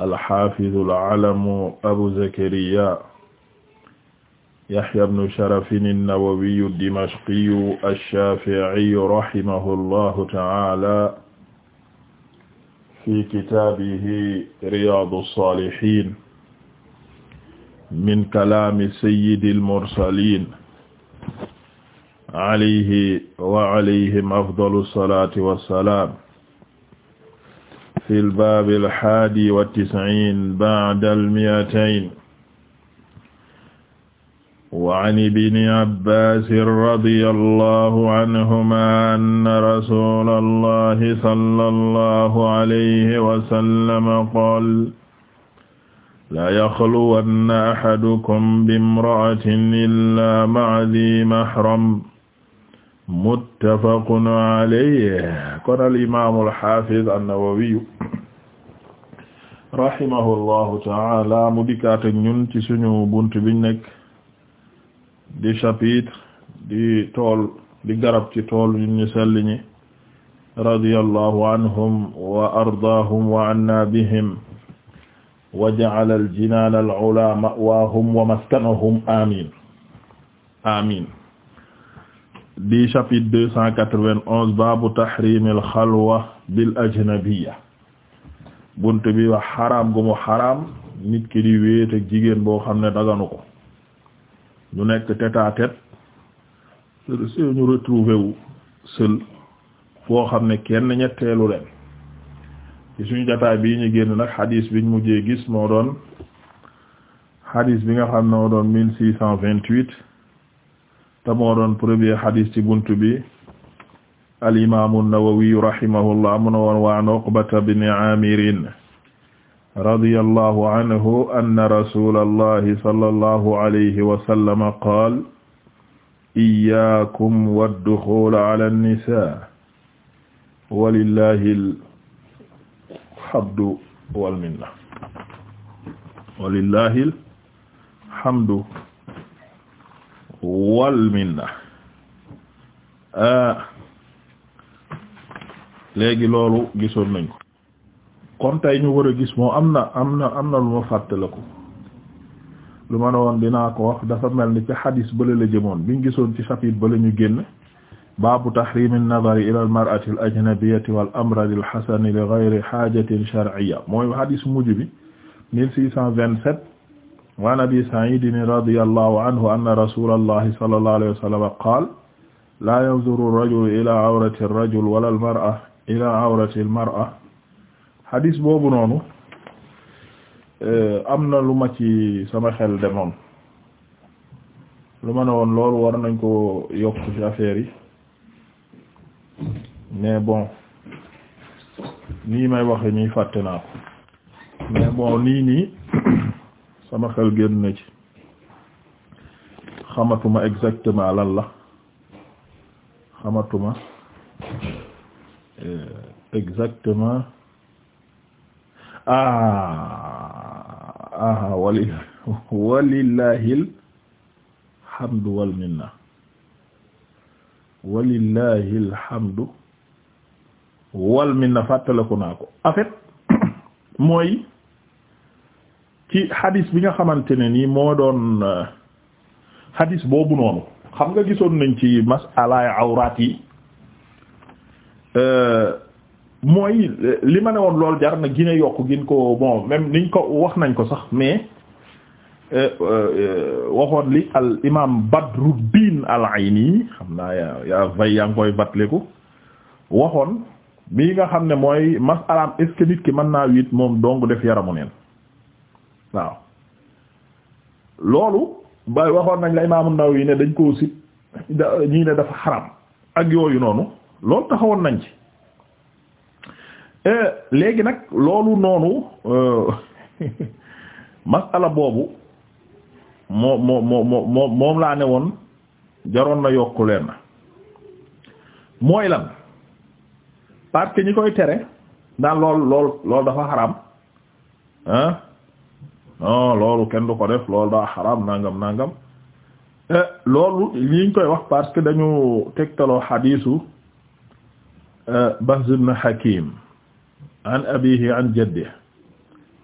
alxafidu alalamu abu zakariya yahya bnu sharafin annawawiyu dimashqiyu alshafiiyu rahimahu allahu taala fi kitaabihi riyaadu saalihiin min kalaami sayyidi almursaliin alayhi wa alayhim afdalu salaati wa salaam fi al-baab al-haadi wa tis'iin ba'da al-mi'atayn wa 'an ibni abbaasin radiyallaahu 'anhumaa anna rasuulallaahi sallallaahu 'alayhi wa sallam qaala laa yaxluwanna ahadukum bimra'atin illaa ma'a dhii mahram muttafaqun 'alayhi qaala al-imaamul haafiz an-nawawiy rahimahullahu taala mu dikkaat ak ñun ci suñu bunt biñ nekk di chapitre di tool di garab ci tool ñun ñu sell ñi radiyallahu anhum wa ardaahum wa anna bihim wa ja'ala al-jinaan al-'ulaa ma'waahum wa maskanahum amiin amiin di chapitre deux cent quatre-vingt-onze baabu tahriimil xalwa bil ajnabiyya bunt bi wax xaraam gu mu xaraam nit ki di wéet ak jigéen boo xam ne daganu ko ñu nekk tête à tête ñu retrouvé wu seul xam ne kenn ñetteelu leen ci suñu jotaay bii ñu génn nag xadiis biñ mujjee gis moo doon xadiis bi nga xam ne moo doon mille six cent te moo doon premier xadiis ci bunt bi al imaamu Nawawi rahimahullah mu ne woon waan Uqbata bni Aamirin radiyallahu anhu anna rasulallahi sallallahu alayhi wa sallam qaal iyyakum wadduxuul ala nnisaa walillahi alhamdu walminna walillahi alhamdu walminna ah, léegi loolu gisoon nañ ko kon tey ñu war a gis moom am na am na am na lu ma fàttaliku lu ma ne woon dinaa ko wax dafa mel ni ci xadis bële la jëmoon biñ gisoon ci chapitre bële ñu génn baabu tahrimi an-nazari ila al-mar'ati al-ajnabiyyati wal amradi al-hasani li ghayri hajatin shar'iyya mooy xadis mujj bi 1627 wa an abi sa'idin radiyallahu anhu anna rasulallahi sallallahu alayhi wa sallam qaala laa yanzuru ar-rajulu ila awrati ar-rajuli wala al-mar'ati ila awrati al-mar'ati hadis boobu noonu eh, am na lu ma ci sama xel demoon lu ma ne woon loolu war nañ ko yokk ci affaire yi mais bon nii may waxe nii fàtte naa ko mais bon nii nii sama xel génn na ci xamatuma exactement lan la xamatuma eh, exactement Ah, ah wali walillahil hamdu wal minna walillahil hamdu wal minna fàttaliku naa ko en fait mooy ci hadis bi nga xamante ne nii moo doon hadis euh, boobu noonu xam nga gisoon nañ ci masalaay awraat yi. Euh, mooy li ma ne woon loolu jar na gine yokk gin ko bon même niñ ko wax nañ ko sax mais euh, euh, waxoon li al imam Badruddin al nii xam naa yaa yaa vay yaa ngi koy batleku waxoon bii nga xam ne mooy masalaam est nit ki mën naa wit moom dong def yaramu neen waaw loolu ba waxoon nañ la imaamu yi ne dañ koo sit ñii ne dafa xaram ak yooyu noonu loolu taxawoon nañ ci Euh, léegi nag loolu noonu euh, masala boobu moo moo moo moo moom laa ne woon jaroon na yokku leen na mooy lan parce que ñi koy tere daan lool lool loolu dafa xaram ah non loolu kenn du ko def lool daa xaram nangam nangam euh, loolu liñ koy wax parce que dañu tegtaloo xadiisu Bahz ibn Hakim an abihi an jaddihi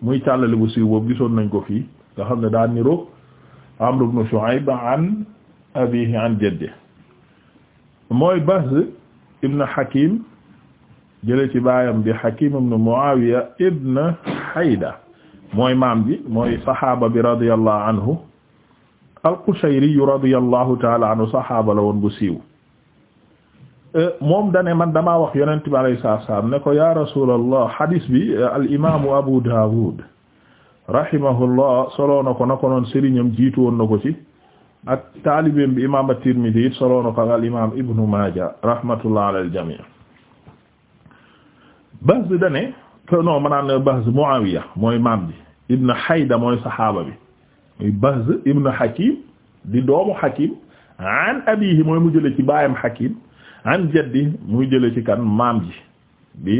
muy càllale bu siiw boobu gisoon nañ ko fii nga xam ne daa niroog Amr ibn Shu'ayb an abihi an jaddihi mooy Bahz ibn Hakim jële ci baayam bi Hakim ibn Muawiya ibn Hayda mooy maam bi mooy saxaaba bi radiyallahu anhu al-Qushayri radiyallahu ta'ala anhu saxaaba la woon bu siiw Euh, moom dane man damaa wax yonent bi alayhi salaam ne ko ya rasulallah hadis bi euh, Abu Dawud rahimahullah soloo na ko na ko noon sëriñam jiitu woon ci ak taalibeem bi imaam at-Tirmidhi it al imaam Ibnu Maaja rahmatullah al jamii Bahz dane ko non maanaam Bahz Muawiya mooy maam bi Ibn Hayda mooy saxaaba bi Bahz Ibn Hakim di doomu Hakim an abiihi mooy mu jële ci baayam Hakim an jaddi muy jële ci kan maam ji bi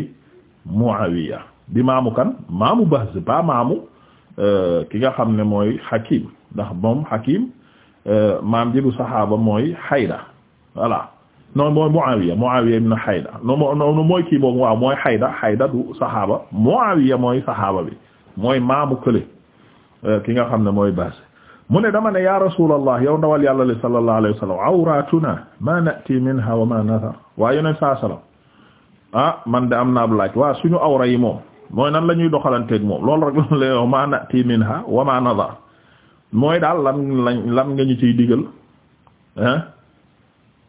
Muawiya di maamu kan maamu Bahz ba maamu euh, ki nga xam ne mooy Hakim ndax moom Hakim euh, maam ji bu saxaaba mooy Hayda voilà non mooy Muawiya Muawiya ibn Hayda non non mooy kii boobu waaw mooy Hayda Hayda du saxaaba Muawiya mooy saxaaba bi mooy maamu kële euh, ki nga xam ne mooy Bahz mu ne dama ne ya rasulallah yow ndawal yàlla li sallallahu alayhi wa sallam awratuna ma nati minha wa ma nathar waa yoneen saa sallam a ah, man de am na bu laaj waa suñu awra yi moom mooy nan la ñuy doxalanteeg moom lool rek la yow ma nati minha wa ma nathar mooy daal lan lañ nga ñu ciy digal ah,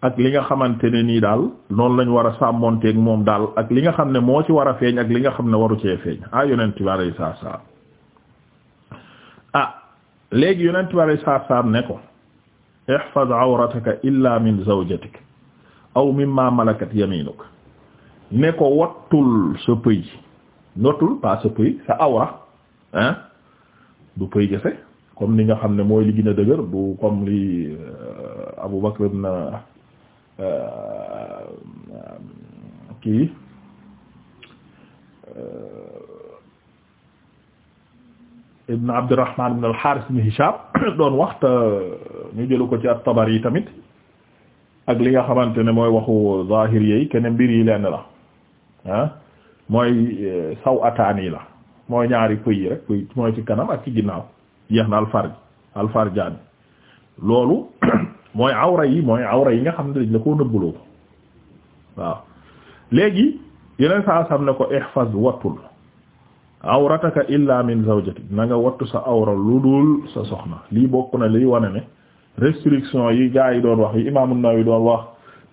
ak li nga xamante ne nii daal noonu lañ war a sàmmonteeg moom daal ak li nga xam ne moo ci war a feeñ ak li nga xam ne waru cee feeñ ah yonent bi alayhi salaam ah léegi yonent bi alay saat salaam ne ko ihfaz awrataka illa min zawjatik aw mimma malakat yaminuk ne ko wattul sa pëy nottul pas sa pëy sa awra hein du pëy gese comme ni nga xam ne mooy li gën a dëgër du comme li euh, Abu Bakr ibn euh, euh, kii ibn Abdurrahman ibn al-Harith ibn doon wax te uh, ñu jëlu ko ci at yi tamit ak li nga xamante ne mooy waxu zahir yi kenn mbir yi lenn la ah, mooy uh, saw ataani la mooy ñaari pëy rek mooy ci kanam ak ci ginnaaw yeex na alfarj alfarjaani loolu mooy awra yi mooy awra yi nga xam ne dañ la koo nëbbuloo waaw léegi yeneen saa ne ko ihfaz wattul awrataka illa min zawjatik na nga wattu sa awra lu dul sa soxna lii bokk na liy wane ne restriction yi gaa yi doon wax yi imaamu Nawawi doon wax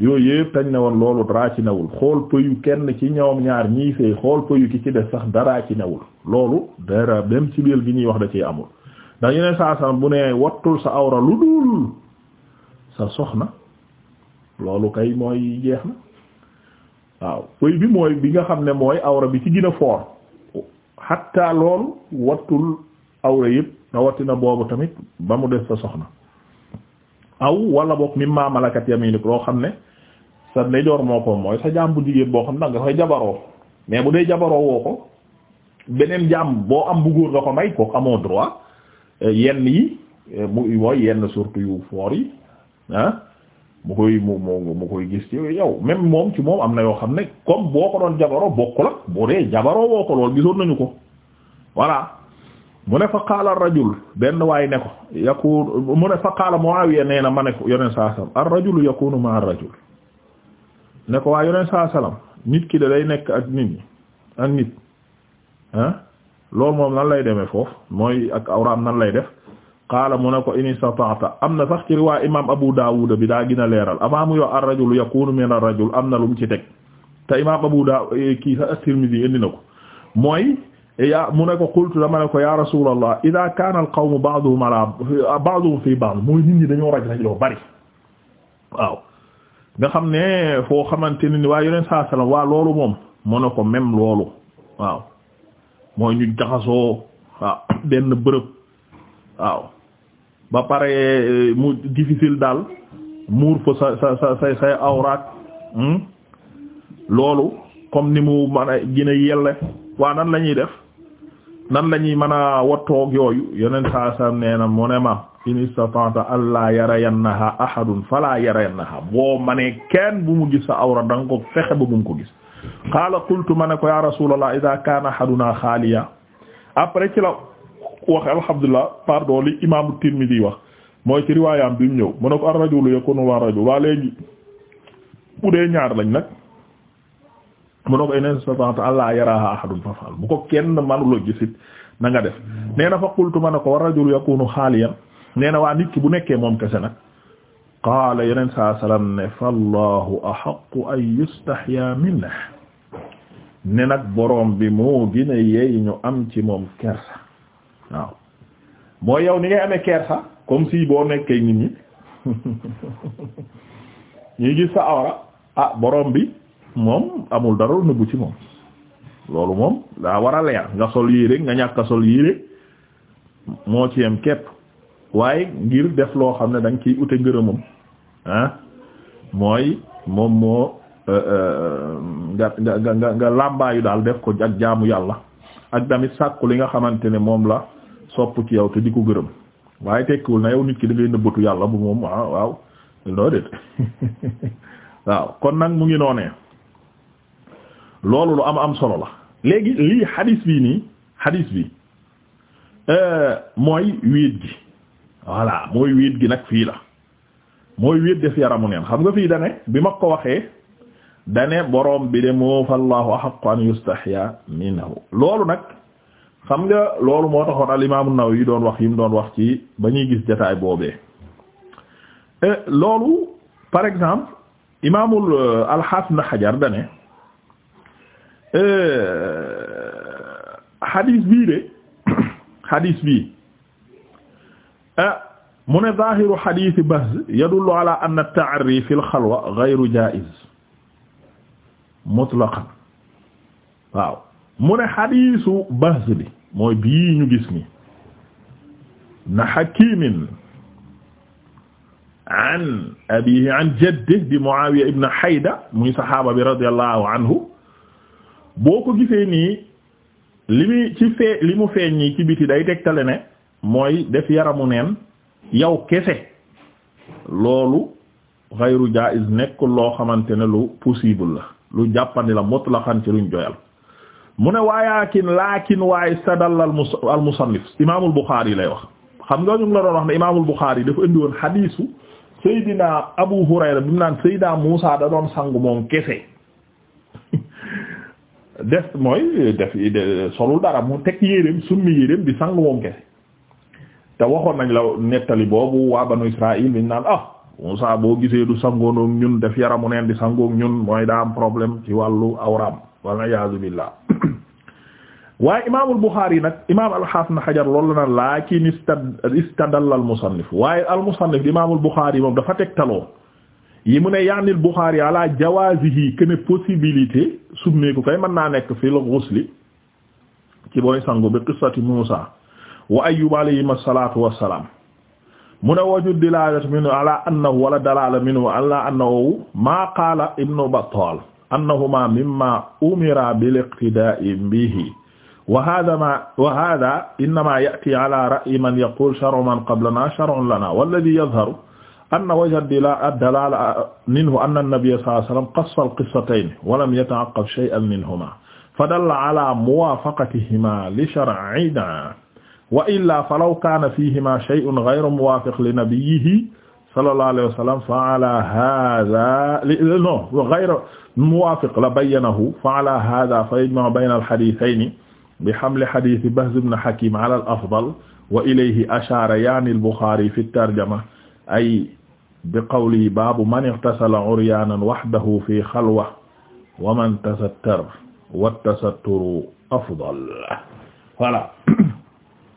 yooyu yëpp tañ ne woon loolu dara ci newul xool pëyu kenn ci ñoom ñaar ñii fee xool pëyu ki ci def sax dara ci newul loolu dara dem ci biir gi ñuy wax da ciy amul ndax yeneen saa bu ne wattul sa awra lu dul sa soxna loolu kay mooy jeex na waaw pëy bi mooy bi nga xam ne mooy awra bi ci gën a xatta loolu wattul awra yëpp rawatina boobu tamit ba mu def sa soxna aw wala boog mimma malakat yaminik roo xam ne sa ndeyjoor moo ko mooy sa jaam bu jigéen boo xam ne danga koy jabaroo mais bu dee jabaroo woo ko beneen jaam boo am bu góor nga ko may kooku amoo droit yenn yi mu eh, mooy yenn surtout yu foor yi ah. mu koy mu mu mu koy gis ci yow même moom ci moom am na yoo xam ne comme boo ko doon jabaroo bokkul ak boo dee jabaroo woo ko lool gisoon nañu ko voilà mu ne fa qaala rajul benn waay ne ko yakunu mu na ma ne ko saa salam ar rajulu yakunu ma rajul ne ko waa yoneen saa salam nit ki da day nekk ak nit ñi ak nit ah moom nan lay demee foofu mooy ak awraam nan lay def qaala mu ne ko in istata'ta am na sax ci riwaay Abu Daawud bi daa gën a leeral avant yo ar rajul min ar am na lu mu ci teg te imam Abu Daawud kii sax at-Tirmidhi indi na ko mooy mu ne ko qultu dama ne ko ya rasulallah ida kaana al qawmu ba'duhum ala ba'duhum fi ba'd mooy nit ñi dañoo rajo raj loo bari xam ne xamante ni waa yoneen saa sallam waa loolu moom mu ne ko même loolu waaw mooy ñu jaxasoo waaw bërëb waaw ba pare euh, mu daal muur fa sa sa sa say say hmm? loolu comme ni mu mën a gën a yelle waa nan la ñuy def nan la ñuy mën a wattoog yooyu yeneen sa saa nee na mu ne ma in istata'ta alla yarayannaha ahadun fala yarayannaha boo ma kenn bu mu gis sa awra da nga ko fexe ba bu mu ko gis qaala qultu ma ko ya rasulallah idha kana xaaliya après ci waxe alhamdulilah pardon li imaamu Tirmidi wax mooy ci riwaayam bi ñëw mu ne ko ar yakunu wa rajul waa léegi bu dee ñaar lañ nag mu ne ko inna istata'ta allaa yaraaha ahadun bu ko kenn manula gisit na nga def nee na fa qultu ma ne ko wa rajulu yakunu xaaliyan nee waa nit bu nekkee moom kese nag qaala yeneen saa salaam ne fallahu ahaqqu an yustahya minhu ne nag boroom bi moo gën a ñu am ci moom kersa waaw moo yow ni ngay amee kersa comme si boo nekkee nit ñi ñuy gis sa awra ah borom bi moom amul dara nëbbu ci moom loolu moom daa war a leer nga sol yére nga ñàkk sol yére moo ci yem képp waaye ngir def loo xam ne danga nga ciy ute ngërëmam ah, mooy moom moo euh, euh, nga nga nga nga làmbaayu daal def ko ak jaamu yàlla ak tamit sàkku li nga xamante ne moom la sopp ci yow te di ko gërëm waaye tekkiwul na yow nit ki da ngay nëbbatu yàlla bu moom ah, waaw waaw kon nag mu ngi noonee loolu lu am am solo la léegi lii xadiis bi nii xadiis bi mooy wéet gi voilà mooy wéet gi nag fii la mooy wéet def yaramu neen xam nga fii dane bi ma ko waxee dane boroom bi de moo fa allahu axaqu an yustahya minhu loolu nag xam nga loolu moo taxoon al imaamu Nawawi doon wax yi mu doon wax ci ba ñuy gis jataay boobee eh, loolu par exemple imaamul euh, alxaafid na xajar dane xadiis euh, bii de xadiis bii ah, mu ne zaahiru xadiisi Bahz yadullu ala anna ta'arri fil xalwa ghayru jaa'iz mutlaqan mu ne xadiisu bahz bi mooy bii ñu gis ni na hakimin an abihi an jaddihi di Muawiya ibn Hayda muy saxaaba bi radiyallahu anhu boo ko gisee nii li muy ci fee li mu feeñ nii ci biti day tegtale ne mooy def yaramu neen yow kese loolu ghayru jaiz nekk loo xamante ne lu possible la lu jàppandi la mutlaqan ci luñ joyal mu ne waayaakin laakin waaye stadalla al musannif imaamul Buxaari lay wax xam nga ñu ngi la doon wax ne imaamul Buxaari dafa indi woon xadiisu Seydina Abu Hurayra bi mu naan Seydina Muusa da doon sangu moom kese def mooy def solul dara mu teg yéreem summi yéreem di sangu moom kese te waxoon nañ la nettali boobu waa banu Israaïl bi ah, boo gisee du sangoon ñun def yaramu neen di sangoon ñun mooy daa am problème ci wàllu awraam wal iyaazu billah waaye imaamul Buxaari nag imaam al-Haafiz Ibn Hajar loolu la laakin istadalla al-musannif waaye al-musannif imaamul Buxaari moom dafa tegtaloo yi mu ne yaanil Buxaari ala jawaazihi que ne possibilité summeeku kay mën naa nekk fil ghusli ci booy sangu bi qissati Muusaa wa Ayyuub alayhima salaatu wa salaam mu ne wajud dilaala minhu ala annahu wala dalaala minhu ala annahu maa qaala Ibnu Battaal annahuma mimma umira bil iqtida'i bihi wa hadha ma wa hadha innama ya'ti ala ra'yi man yaqul shar'u man qablana shar'un lana walladhi yadhharu anna wajha ad-dalala minhu anna an-nabiyya sallallahu alayhi wa sallam qassa al-qissatayn wa lam yata'aqqab shay'an minhuma fadalla ala muwafaqatihima li shar'ina wa illa falaw kana fihima shay'un ghayru muwafiq li nabiyyihi sallallahu alayhi wa sallam fa ala hadha non ghayra muwafiq la bayyanahu fa ala hadha fa yajma'u bayna al-hadithayni bi hamli hadith Bahz ibn Hakim ala al-afdal wa ilayhi ashara yani al-Bukhari fi at-tarjama ay bi qawlihi baabu man ightasala 'uryanan wahdahu fi khalwa wa man tasattara wat-tasatturu afdal voilà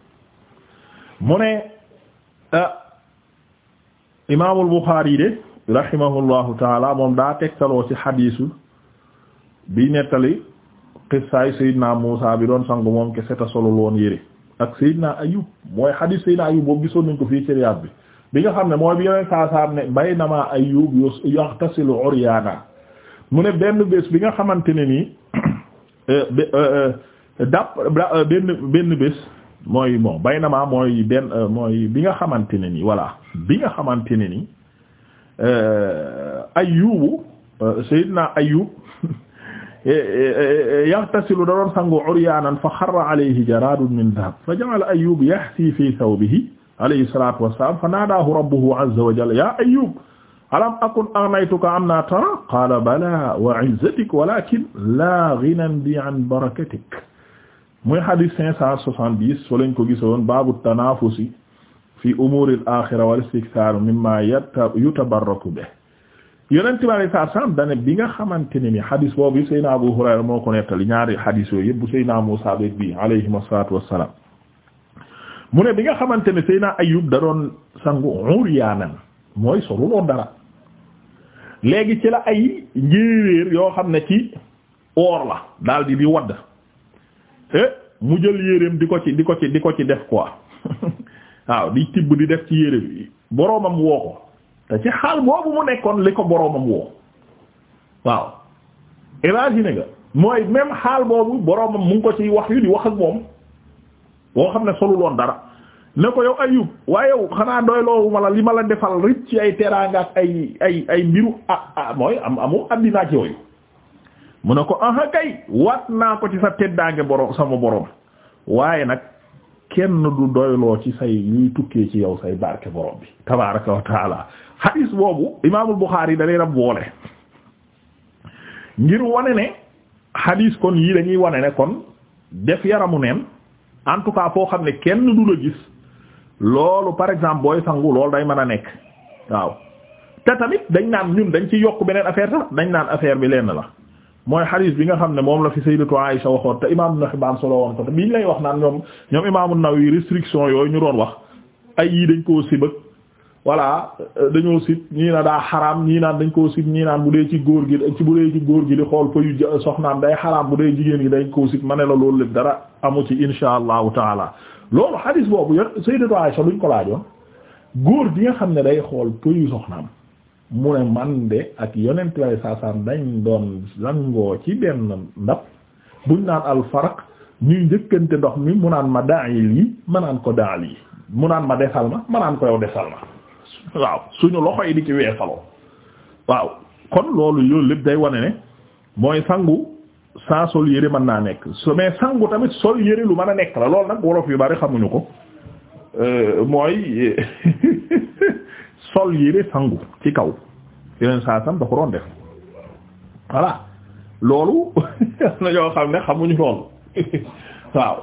mu ne euh, imaamul Buxaari de rahimahullahu taala moom daa tegtaloo ci xadiisu bi nettali qissaay Seydina Muusa bi doon sangu moom kese ta solul woon yére ak Seydina Ayub mooy xadiis Seydina Ayub boobu gisoon nañ ko fii ci bi bi nga xam ne mooy bi yeneen saasaam ne baynama Ayub yaxtasilu uryaana mu benn bés bi nga xamante ne nii eh, eh, eh, dàpp benn benn bés mooy bon baynama mooy benn euh, mooy bi nga xamante ne ni voilà bi nga xamante ne ni euh, Ayyubu euh, Seydina Ayyub e, e, e, yaghtasilu da doon sangu uryaanan fa xarra alayhi jaraadun min dahab fa ja'ala Ayyub yahsi fi thawbihi alayhi salaatu wassalaam fa naadaahu rabbuhu azza wa jalla yaa Ayyub alam akun aghnaytuka amma tara qaala balaa wa 'izzatik walaakin laa ghinan bi 'an barakatik muy hadith cinq cent soixante-dix fa lañ ko gisoon baabu tanaafusi fi umuuril aaxira wal istiksaar mimmaa yutabarraku bihi yonent bi alayhi salaatu wa salaam dane bi nga xamante ne ni hadith boobu Seydina Abu Hurayra moo ko nettali ñaari hadith yooyu yëpp bu Seydina Muusaa bi bii alayhi salaatu wa salaam mu ne bi nga xamante ne Seydina Ayyub da doon sangu uryaanan mooy solu doon dara léegi ci la ay njéeréer yoo xam ne ci oor la daal di di wadd eh mu jël yéreem di ko ci di ko ci di ko ci def quoi waaw di tibb di def ci yére bi boroomam woo ko te ci xaal boobu mu nekkoon li ko boroomam woo waaw imagine nga mooy même xaal boobu boroomam mu ko ci wax yu di wax ak moom boo xam ne soluloon dara ne ko yow ayub waaye yow xanaa doy loowu li ma la defal ricc ci ay teraanga ay ay ay mbiru ah ah mooy am amu àddina ak mu ne ko aha kay waat naa ko ci sa teddaange borom sama boroom waaye nag kenn du doyloo ci say yuy tukkee ci yow say barke borom bi tabaraka wa taala hadis boobu imaamul yi da leen rab boole ngir wane ne hadis kon yii dañuy wane ne kon def yaramu neen en tout cas foo xam ne kenn du la gis loolu par exemple booy sangu loolu day mën a nekk waaw te tamit dañ naan ñun dañ ci yokk beneen affaire sax dañ naan affaire bi lenn la mooy xadis bi nga xam ne moom la fi sayyidatu Aisha waxoon te imam Ibn Hibbaan solo woon ko te biñ lay wax naan ñoom ñoom imaamu Nawawi restriction yooyu ñu doon wax ay yii dañ koo sibëg voilà dañoo sib ñii na daa xaraam ñii naan dañ koo sib ñii naan bu dee ci góor gi ci bu dee góor gi di xool fa yu soxnaam day xaraam bu dee jigéen gi dañ koo sib ma ne la loolu lépp dara amu ci insha allahu taala loolu xadis boobu yor sayyidatu Aisha luñ ko laa laajoon góor gi nga xam ne day xool pëyu mu ne man de ak yonent way saasaan dañ doon langoo ci benn ndab buñ naan alfaraq ñuy njëkkante ndox mi mu naan ma daayil yi ma naan ko daal yi mu naan ma desal ma ma naan ko desal ma waaw suñu loxo yi di ci weesaloo waaw kon loolu loolu lépp day wane ne mooy sangu saa sol yére mën naa nekk su mais sangu tamit sol yére lu mën a nekk la loolu nag wolof yu bari xamuñu ko euh, mooy sol yére sangu ci kaw yeneen saa sam da doon def voilà loolu na ñoo xam ne xamuñu loolu waaw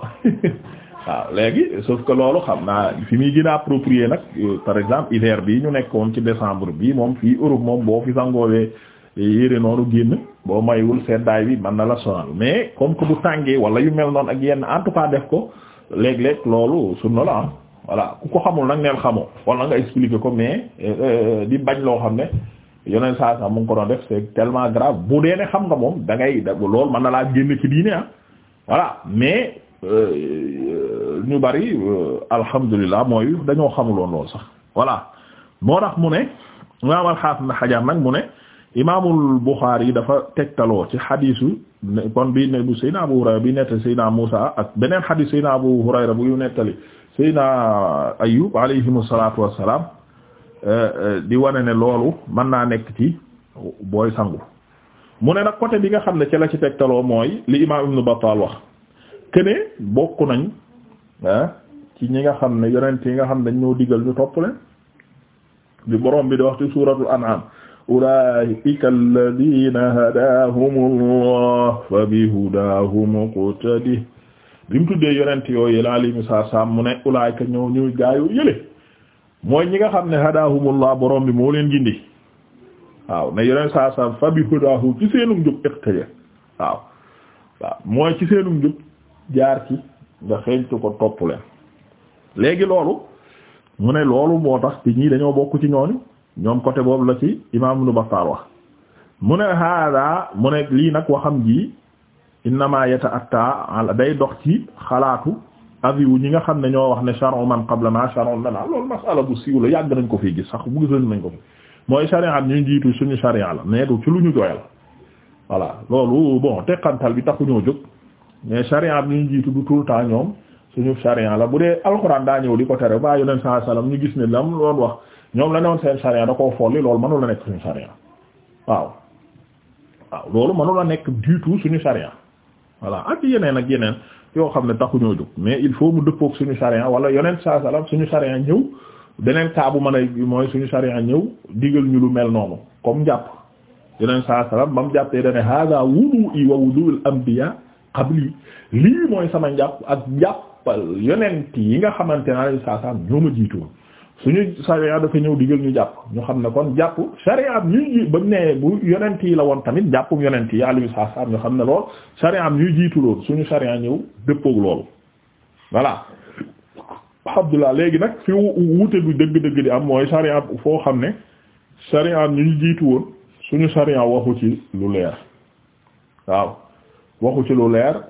waaw léegi sauf que loolu xam naa fi muy gën a nag euh, par exemple hiver bi ñu nekkoon ci décembre bi moom fi Europe moom boo fi sangoowee yére noonu génn boo maywul seddaay bi man na la sonal mais comme que bu tàngee wala yu mel noonu ak yenn en tout cas def ko léeg-léeg loolu sunna la ah voilà ku ko xamul nag neel xamoo wala nga expliquer ko mais euh, euh, di bañ loo xam ne yeneen saa sax mu ngi ko doon def c'est tellement grave bu dee ne xam nga moom da ngay loolu mën na laa génn ci diine ah voilà mais euh, ñu bari alhamdulilah mooy dañoo xamuloon lool sax voilà moo tax mu ne imaam alxaafis na xajar nag mu ne imaamul Buxaari dafa tegtaloo ci xadiisu kon bi ne bu Seydina Abu Hurayra bi nettali Seydina Muusa ak beneen xadiis Seydina Abu Hurayra bu nettali Seyna Ayyub alayhimu salaatu wassalaam eh, eh, di wane ne loolu mën naa nekk ci booy sangu mu ne nag côté bi nga xam ne ci la ci tegtaloo mooy li imaam Ibn Battal wax kene bokk nañ eh, ci ñi nga xam ne yonent yi nga xam ne dañ ñoo digal ñu topp leen bi borom bi di wax ci suuratul an'am ulaa'ika alladhiina hadaahumullahu fa bihudaahum iqtadih bi mu tuddee yonent yooyu laa li misaar saam mu ne ulaayka ñëw ñuy gaayu yële mooy ñi nga xam ne hadahumullah borom bi moo leen gindi waaw ne yonent saa saam fa bi hudahu ci seenum njub iqtija waaw waaw mooy ci seenum njub jaar ci nga xeeñtu ko topp leen léegi loolu mu ne loolu moo tax te ñii dañoo bokk ci ñooñu ñoom côté boobu la ci imam Ibn Battal wax mu ne hada mu ne lii nag waxam ji innama yata'atta ala day dox ci xalaatu aviwu ñi nga xam ne ñoo wax ne shar'u man qablana shar'un lana loolu masala bu siiw la yàgg nañ ko fii gis sax bu gisoon nañ ko fi mooy sharia ñu jiitu suñu sharia la mais du ci lu ñu doyal voilà loolu bon teqantal bi taxuñoo jóg mais sharia ñu jiitu du tout le temps ñoom suñu sharia la bu dee alxuraan daa ñëw di ko tere ba yoneen saa salaam ñu gis ne lam loolu wax ñoom la newoon seen sharia da koo folli loolu mënu la nekk suñu waaw loolu mënu la nekk du tout suñu voilà ak yeneen ak yeneen yoo xam ne taxuñoo jóg mais il faut mu dëppook suñu charia wala yeneen saa salaam suñu charia ñëw beneen cas bu man a mooy suñu charia ñëw digal ñu lu mel noonu comme jàpp yeneen saa salaam ba mu jàppee dane hada wudu'i wa wudu'ul anbiya qabli lii mooy sama njàpp ak njàppal yonent yi nga xamante ne alayhi salaam ñoo ma jiitu su suñu sariya dafa ñëw digal ñu jàpp ñu xam ne kon jàpp sariya am ñuy ji ba mu ne bu yonent yi la woon tamit jàppum yonent yi alayhi salaam ñu xam ne lool sariya am ñuy jiitu loolu suñu sariya ñëw dëppoog loolu léegi nag fi wuute bi dëgg-dëgg am mooy sariya foo xam ne sariya am ñu jiitu woon suñu waxu ci lu leer waaw waxu ci lu leer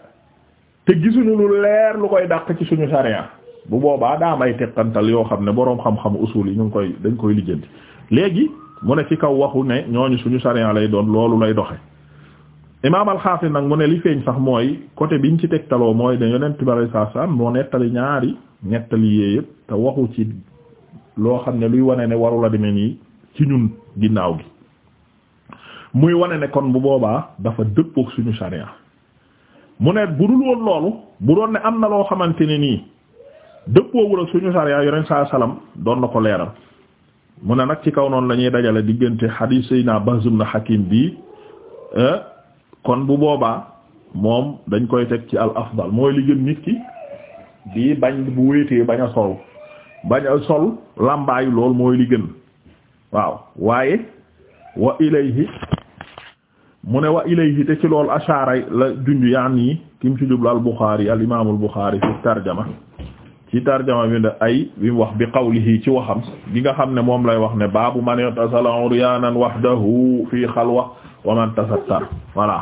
te gisuñu lu leer lu koy dàq ci suñu sariya bu boobaa daa may teqantal yoo xam ne boroom xam-xam usul yi ñu ngi koy dañ koy lijjanti léegi mu ne ci kaw waxu ne ñooñu suñu sariya lay doon loolu lay doxe imaam alxaafis nag mu ne li feeñ sax mooy côté biñ ci tegtaloo mooy ne yonent bi sallallahu alayhi wasallam moo nettali ñaari nettali yee te waxu ci loo xam ne luy wane ne warula demee nii ci ñun ginnaaw gi muy wane ne kon bu boobaa dafa dëppook suñu sariya mu ne bu dul woon loolu bu doon ne am na loo xamante ne nii dëppoowul ak suñu sariya yonent saa salaam doon na ko leeral mu ne nag ci kaw noonu lañuy ñuy dajale diggante hadith Seydina Bahz na Hakim bi eh, kon bu boobaa moom dañ koy teg ci al afdal mooy li gën nit ki di bañ bu wéetee bañ sol bañ sol làmbaayu lool mooy li gën waaw waaye wa ilayhi mu ne wa ilayhi te ci lool ashaara la junj yaan yi kim ci jublu al Bukhari al imaamul Bukhari fi tarjama ci tarjama bi da ay bi mu wax bi qawlihi ci waxam gi nga xam ne moom lay wax ne baabu man tasala uryanan wahdahu fii xalwa wa man tasattar voilà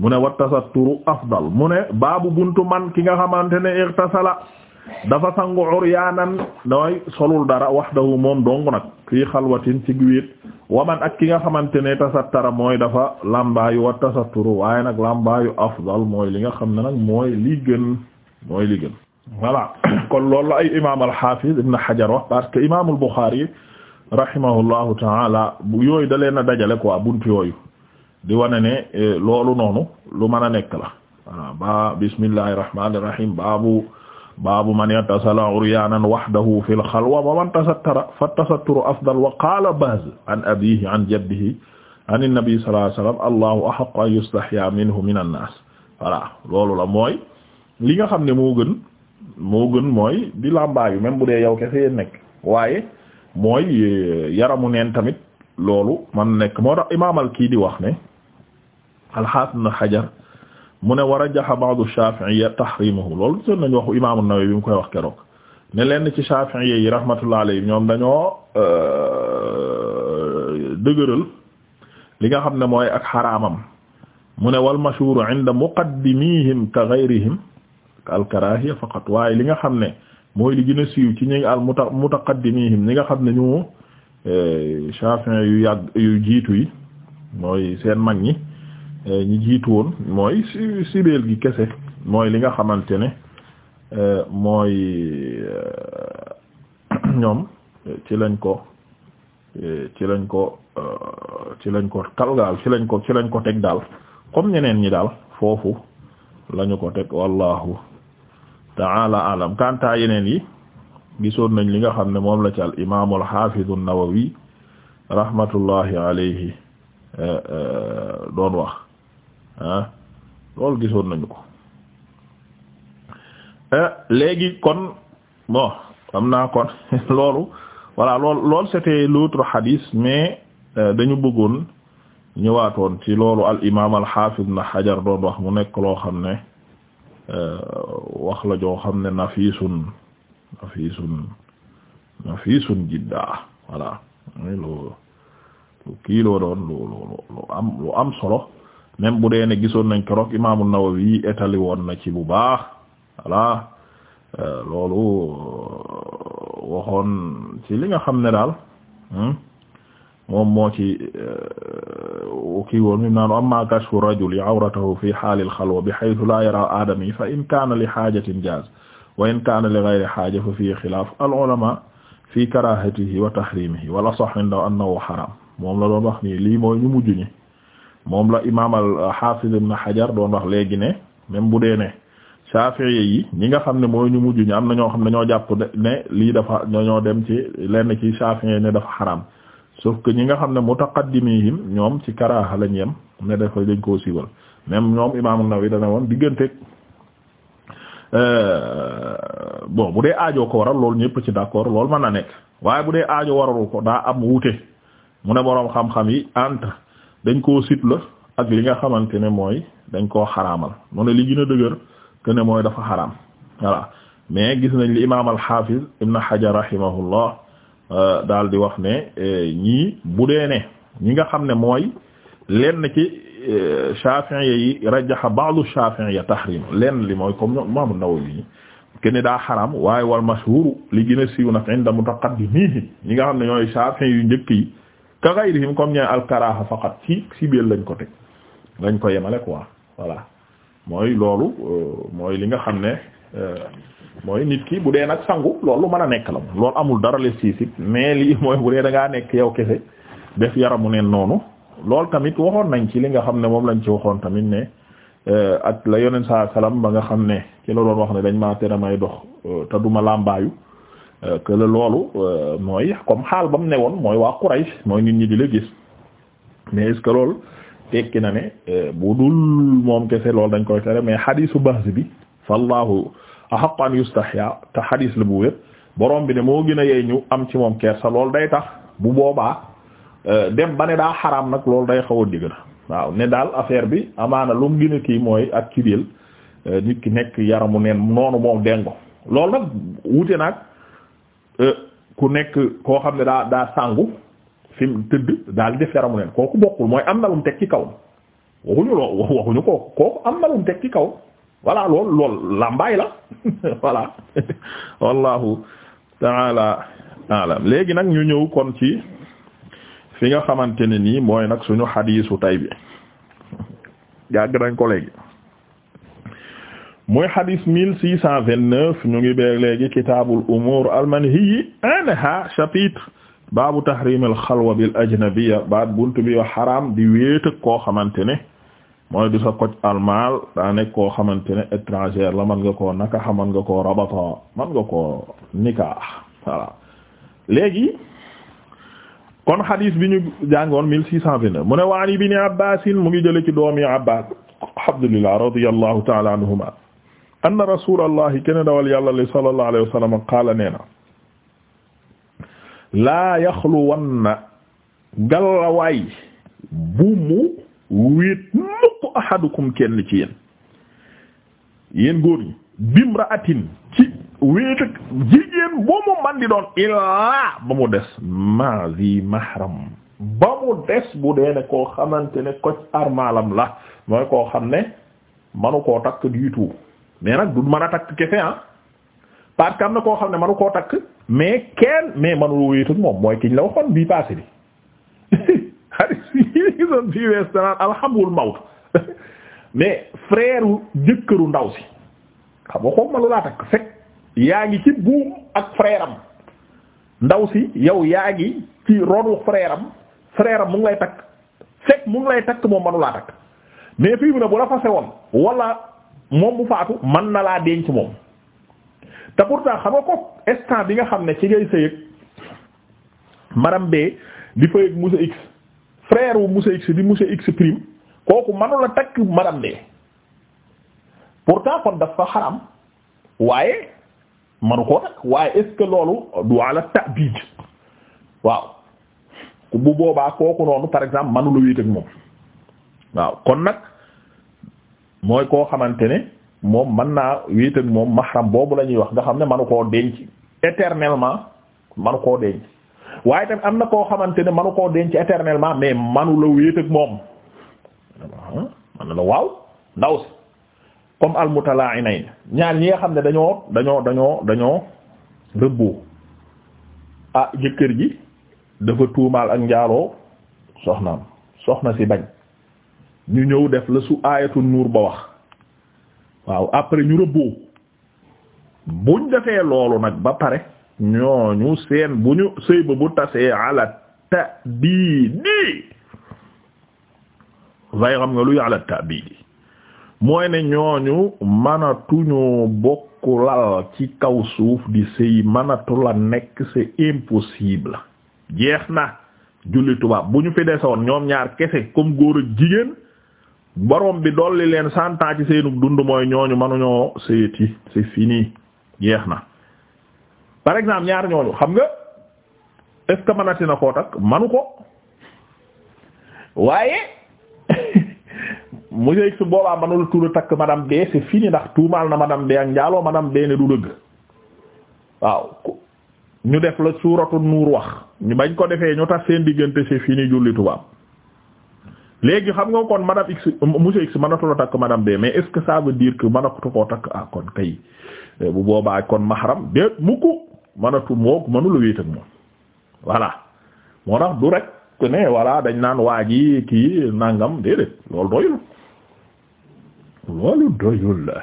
mu ne wa tasatturu afdal mu ne baabu buntu man ki nga xamante ne irtasala dafa sangu uryaanan nooy solul dara wahdahu moom dong nag fii xalwatin ci giwéet waman ak ki nga xamante ne tasattara mooy dafa lambaayu wa tasatturu waaye nag lambaayu afdal mooy li nga xam ne nag mooy li gën mooy li voilà kon loolu la ay imaam al-Hafiz Ibn Hajar wax parce que imaam al-Bukhari rahimahullahu taala bu yooyu da leen a dajale quoi buntu yooyu di wane ne eh, loolu noonu lu mën a nekk la voilà ba bismillahir rahmanir rahim baabu baabu man yatasala uryaanan wahdahu fil xalwa wa man tasattara fattasatturu afdal wa qaala Bahz an abiihi an jaddihi an nabi sallallahu alayhi wa sallam allahu ahaqqu an yustahyaa minhu minan naas voilà loolu la mooy li nga xam ne moo gën. moo gën mooy di làmbaayu même bu dee yow kese yéen nekk waaye mooy yaramu neen tamit loolu man nekk moo tax imaamal kii di wax ne alxaas na xajar mu ne war a jaxa ba'du shafi'iyya tahrimuhu loolu son nañu waxu imaamu Nawawi bi mu koy wax keroog ne lenn ci shafi'iyya yi rahmatullah alayhi ñoom dañoo euh, dëgëral li nga xam ne mooy ak xaraamam mu ne wal mashhur 'inda muqaddimihim ka ghayrihim alkaraahiya faqat waaye li nga xam ne mooy li gën a siiw ci ñi al muta mutaqaddimihim ñi nga xam ne ñu eh, Shafi'i yu yàgg jiitu yi mooy seen mag ñi eh, ñi jiitu woon mooy si sibeel gi kese mooy li nga xamante ne eh, mooy ñoom ci lañ ko ci lañ ko ci lañ ko tal ci lañ ko ci lañ ko teg daal comme ñeneen ñi daal foofu lañu ko teg wallahu taala alam kanta yeneen yi gisoon nañ li nga xam ne moom la ci al imaamul xaafizu nawawi rahmatullahi alayhi eh, eh, doon wax ah loolu gisoon nañu ko eh, léegi kon bon xam naa kon loolu wala lool lool c'était hadith mais dañu bëggoon ñëwaatoon ci loolu al imaam al xaafiz na xajar doon wax mu nekk loo xam ne waxla joo xam ne nafisun nafisun nafisun jiddaa voilà lu lu kii loo doon lu lu lu am solo même bu dee ne gisoon nañ keroog Imaam An-Nawawi étali woon na ci bu baax voilà euh, loolu euh, waxoon ci li nga xam ne daal hmm? moom moo ci euh, kii woon mi naan amma kashfu rajuli awratahu fi xaalil xalwa bi haythu la yara aadami fa in kaana li xaajatin jaaz wa in kaana li gayri xaaja fa fii xilaaf al ulama fi karahatihi wa tahrimihi wal asah inda annahu xaram moom la doon wax ni lii mooy ñu mujj ñi moom la imaam al xaafiz ibn xajar doon wax léegi ne même bu dee ne Shafi'i yi ñi nga xam ne mooy ñu mujj ñi am na ñoo xam ne ñoo jàpp ne lii dafa ñoo dem ci lenn ci Shafi'i ne dafa xaram sauf que ñi nga xam ne yi ñoom ci karaaha lañ yem ne dafa dañ koo siiwal même ñoom imaamu Nawawi dana woon digganteeg euh, bon bu dee aajo ko waral loolu ñëpp ci d'accord loolu mën na nekk waaye bu dee aajo waralu ko daa am wute mu ne boroom xam-xam yi entre dañ koo sib la ak li nga xamante ne mooy dañ koo xaraamal mu ne li gën a dëgër que ne mooy dafa xaraam voilà mais gis nañ li imaam al-Hafiz Ibn Hajar rahimahullah Euh, daal di wax ne euh, ñii bu dee ne ñi nga xam ne mooy lenn ci euh, Shafi'iyya yi rajaha ba'du Shafi'iyya tahrim lenn li mooy comme Imam An-Nawawi kenn daa xaram waaye wal mashhur li gën a siiw nag inda mutaqaddimihi ñi nga xam ne ñooy Shafi'i yu njëkk yi ka gayrihim comme ñooy al-karaha faqat ci si lañ ko teg lañ ko yemale quoi voilà mooy loolu mooy li nga xam ne. mooy nit ki bu dee nag sangu loolu mën a nekk la moom loolu amul dara les sii mais lii mooy bu dee dangaa nekk yow kese def yaramu neen noonu loolu tamit waxoon nañ ci li nga xam ne moom lañ ci waxoon tamit ne euh, ak la yoneen sa salaam ba nga xam ne ci la doon wax ne dañ maa tere may dox euh, te duma làmbaayu euh, que la loolu mooy comme xaal ba mu ne woon mooy waa Quraysh mooy nit ñi di la gis mais is ce que loolu tekki na ne bu dul moom kese loolu dañ koy tere mais xadiisu bahz bi fallaahu ahaqqu an yustahya te xadis la bu wér borom bi ne moo gën a yey ñu am ci moom kersa loolu day tax bu boobaa euh, dem ba ne daa xaraam nag loolu day xaw a digg waaw ne daal affaire bi amaana lu mu gën a kii mooy ak kibeel euh, nit ki nekk yaramu neen noonu moom dengo lool nag wute nag euh, ku nekk koo xam ne daa daa sangu fi mu tëdd daal def yaramu neen kooku bokkul mooy am na lu mu teg ci kaw waxuñu loo waxuñu kooku kooku am na lu mu teg ci kaw voilà lool lool la voilà wallahu taala alam léegi nag ñu ñëw kon ci fi nga xamante ne nii mooy nag suñu xadiisu tay bi yàgg nañ ko léegi mooy xadiis mille six cent vingt-neuf ñu ngi beeg léegi kitaabul umuur almanhiyi anha chapitre baabu tahrim al xalwa bil ajnabiyya baat bi wax xaraam di wéet ak koo xamante ne mooy du sa koc almaal daa nekk koo xamante ne étranger la man nga koo nakaxa man nga koo man nga koo nikaax voilà kon hadith bi ñu jàngoon mille six cent vingt mu ne waan ibn Abbas mu ngi jële ci doomi Abbas alhamdulillah radiyallahu ta'ala anhuma anna rasulallahi kenn dawal yàlla li sallallahu alayhi wa sallam qaala nee na laa yaxluwanna galla waay bu mu wéet topp ahadukum kenn ci yéen yéen góor ñi bimra'atin ci wéet ak jigéen boo mu man di doon illaa ba mu des ma zi mahram ba mu des bu dee ne koo xamante ne koc armalam la mooy koo xam ne manu koo takk du tout mais nag du mën a takk kese ah parce am na koo xam ne manu koo takk mais kenn mais manu wéet moom mooy kiñ la waxoon bii passé bi xaris yi mais frère jëkkëru ndaw si xam nga xoox ma lu laa takk fekk yaa ngi ci buum ak frère ndaw si yow yaa ngi ci ronu frère am frère mu ngi lay takk fekk mu ngi lay takk moom manulaa takk mais fii mu ne bu la woon wala moom man na laa denc moom te pourtant xam nga ko instant bi nga xam ne ci ngay sëyëg madame B di fayëg monsieur wu monsieur X di monsieur X prime kooku manula takk madame de pourtant kon dafa xaram waaye manu koo takk waaye est ce que loolu du ala ta'bid waaw bu boobaa kooku noonu par exemple manula wéet ak moom waaw kon nag mooy koo xamante ne moom man naa wéet ak moom mahram boobu la ñuy wax nga xam ne manu koo denc éternellement manu koo denc waaye tamit am na koo xamante ne manu koo denc éternellement mais manu la wéet moom man ah, la waaw ndaw si comme almutala'inayn ñaar ñi nga xam ne dañoo dañoo dañoo dañoo rëbboo ah jëkkër ji dafa tuumaal ak njaaloo soxnaam soxna si bañ ñu ñëw def la su aayatu nuur ba wax waaw après ñu rëbboo buñ defee loolu nag ba pare ñooñu seen bu ñu sëy ba bu tasee ala ta bii di zay xam nga lu yàlla taabidi mooy ne ñooñu manatuñu bokk lal ci kaw suuf di sëy manatu la nekk c'est impossible jeex na julli tubaab bu ñu fi desoon ñoom ñaar kese comme góor ak jigéen boroom bi dolli leen santaa ci seenu dund mooy ñooñu manuñoo sëyati c'est fini jeex na par exemple ñaar ñooñu xam nga est que manati na koo takk manu ko waaye monsieur X boobaa manula tuura takk madame B c'est fini ndax tuumaal na madame B ak njaaloo madame B ne du dëgg waaw ñu def la suuratu nuur wax ñu bañ ko defee ñu tax seen diggante c'est fini julli tubaab léegi xam nga kon madame X monsieur X mënatula takk madame B mais est-ce ba ça veut dire koo takk ah kon kay euh, bu boobaa kon mahram déet mukk mënatu mook mënula wéet ak moom voilà moo tax du rek que ne voilà dañ naan waa ji kii nangam déedéet loolu doyul loolu doyul la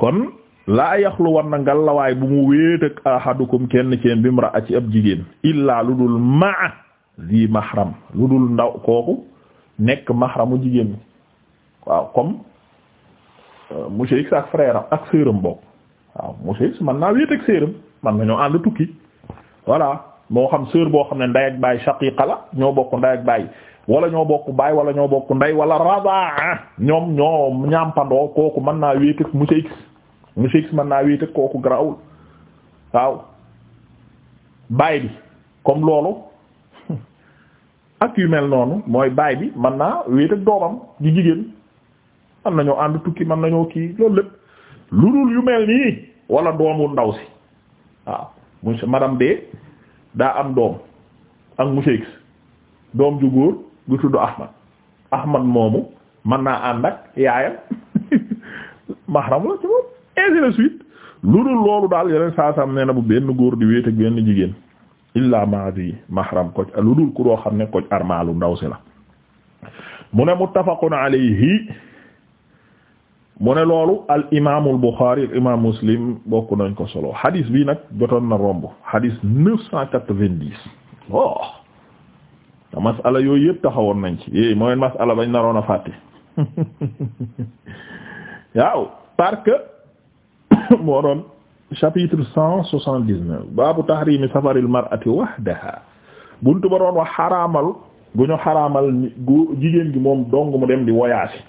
kon laa yaxlu war na bu mu wéet ak ahadukum kenn ceen bi mu ra ci ab jigéen illaa lu dul maa di mahram lu dul ndaw kooku nekk mahramu jigéen waaw comme euh, monsieur X ak frère ak sœuram bokk waaw monsieur X man naa wéet ak sœuram man nañoo ànd tukki voilà moo xam sœur boo xam ne nday ak baay shaqiqa la ñoo bokk nday ak baay wala ñoo bokk baay wala ñoo bokk nday wala radaa ñoom ñoo ñampandoo kooku mën naa wéet ak monsieur X monsieur X mën naa wéet ak kooku garawul waaw baay bi comme loolu ak yu mel noonu mooy baay bi mën naa wéet ak doomam di jigéen mën nañoo ànd tukki mën nañoo kii loolu lépp lu dul yu mel nii wala doomu ndaw si waaw monsieur madame de daa am doom ak monsieur X doom ju góor gu tudd Ahmad Ahmad moomu mën naa ànd ak yaayam mahram la ci moom ainsi de suite lu dul loolu daal yeneen saa sam nee na bu benn góor di wéet ak benn jigéen illa maadi mahram koj lu dul ku doo xam ne koj armaalu ndaw si la mu ne muttafaqun alayhi mu ne loolu al imaamul Buxaari al imaam Muslim bokk nañ ko solo hadis bi nag jotoon na romb hadis neuf cent quatre-vingt-dix oh masala yooyu yëpp taxawoon nañ ci yéy eh, mooy masala bañ naroon a fàtte waaw parce moo doon chapitre soixante-dix-neuf baabu tahrimi safaril mar'ati wahdaha buntu ba doon wax xaraamal gu ñu xaraamal gu jigéen gi moom dong mu dem di voyage